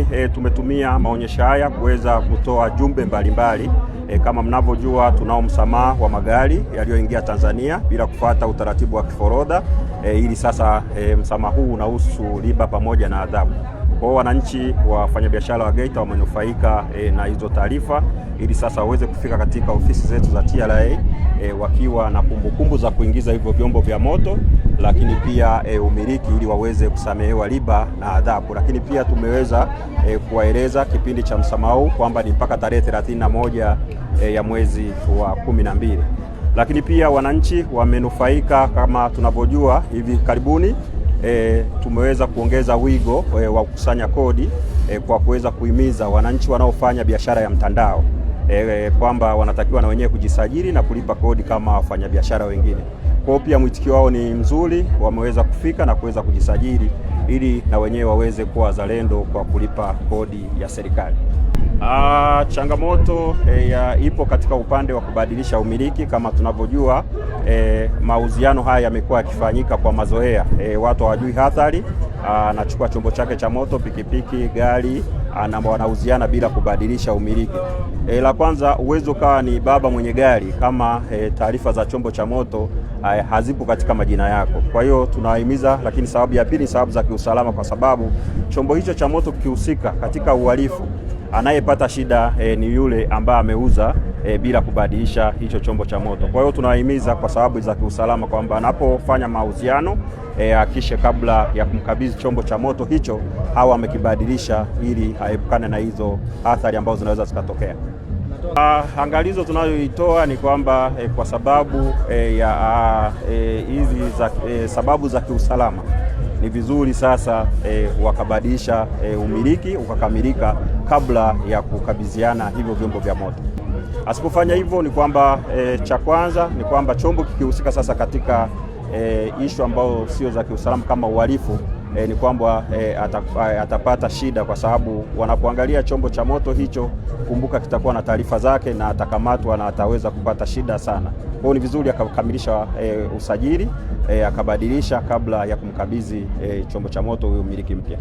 Nadhani e, eh, tumetumia maonyesho haya kuweza kutoa jumbe mbalimbali e, kama mnavyojua tunao msamaha wa magari yaliyoingia Tanzania bila kufuata utaratibu wa kiforodha e, ili sasa e, msamaha huu unahusu riba pamoja na adhabu. Kwa hiyo wananchi, wafanyabiashara wa Geita wamenufaika e, na hizo taarifa, ili sasa waweze kufika katika ofisi zetu za TRA e, eh, wakiwa na kumbukumbu za kuingiza hivyo vyombo vya moto, lakini pia e, umiliki, ili waweze kusamehewa riba na adhabu. Lakini pia tumeweza e, kuwaeleza kipindi cha msamao kwamba ni mpaka tarehe 31 e, ya mwezi wa kumi na mbili lakini pia wananchi wamenufaika kama tunavyojua hivi karibuni e, tumeweza kuongeza wigo e, wa kukusanya kodi e, kwa kuweza kuhimiza wananchi wanaofanya biashara ya mtandao e, e, kwamba wanatakiwa na wenyewe kujisajili na kulipa kodi kama wafanyabiashara wengine. Kwa hiyo pia mwitikio wao ni mzuri, wameweza kufika na kuweza kujisajili ili na wenyewe waweze kuwa wazalendo kwa kulipa kodi ya serikali. Ah, changamoto eh, ya eh, ipo katika upande wa kubadilisha umiliki kama tunavyojua eh, mauziano haya yamekuwa yakifanyika kwa mazoea eh, watu hawajui hatari, ah, anachukua chombo chake cha moto, pikipiki, gari ah, na wanauziana bila kubadilisha umiliki. Eh, la kwanza uwezo kawa ni baba mwenye gari kama eh, taarifa za chombo cha moto eh, hazipo katika majina yako. Kwa hiyo tunahimiza, lakini sababu ya pili, sababu za kiusalama, kwa sababu chombo hicho cha moto kikihusika katika uhalifu anayepata shida e, ni yule ambaye ameuza e, bila kubadilisha hicho chombo cha moto. Kwa hiyo tunawahimiza kwa sababu za kiusalama kwamba anapofanya mauziano akishe e, kabla ya kumkabidhi chombo cha moto hicho hawa amekibadilisha ili aepukane na hizo athari ambazo zinaweza zikatokea. Ah, angalizo tunayoitoa ni kwamba eh, kwa sababu eh, ya ah, e, hizi eh, za, eh, sababu za kiusalama ni vizuri sasa e, wakabadilisha e, umiliki ukakamilika kabla ya kukabidhiana hivyo vyombo vya moto. Asipofanya hivyo ni kwamba e, cha kwanza ni kwamba chombo kikihusika sasa katika e, ishu ambayo sio za kiusalama kama uhalifu E, ni kwamba e, atapata shida kwa sababu wanapoangalia chombo cha moto hicho, kumbuka, kitakuwa na taarifa zake na atakamatwa na ataweza kupata shida sana. Kwa hiyo ni vizuri akakamilisha e, usajili e, akabadilisha kabla ya kumkabidhi e, chombo cha moto huyo mmiliki mpya.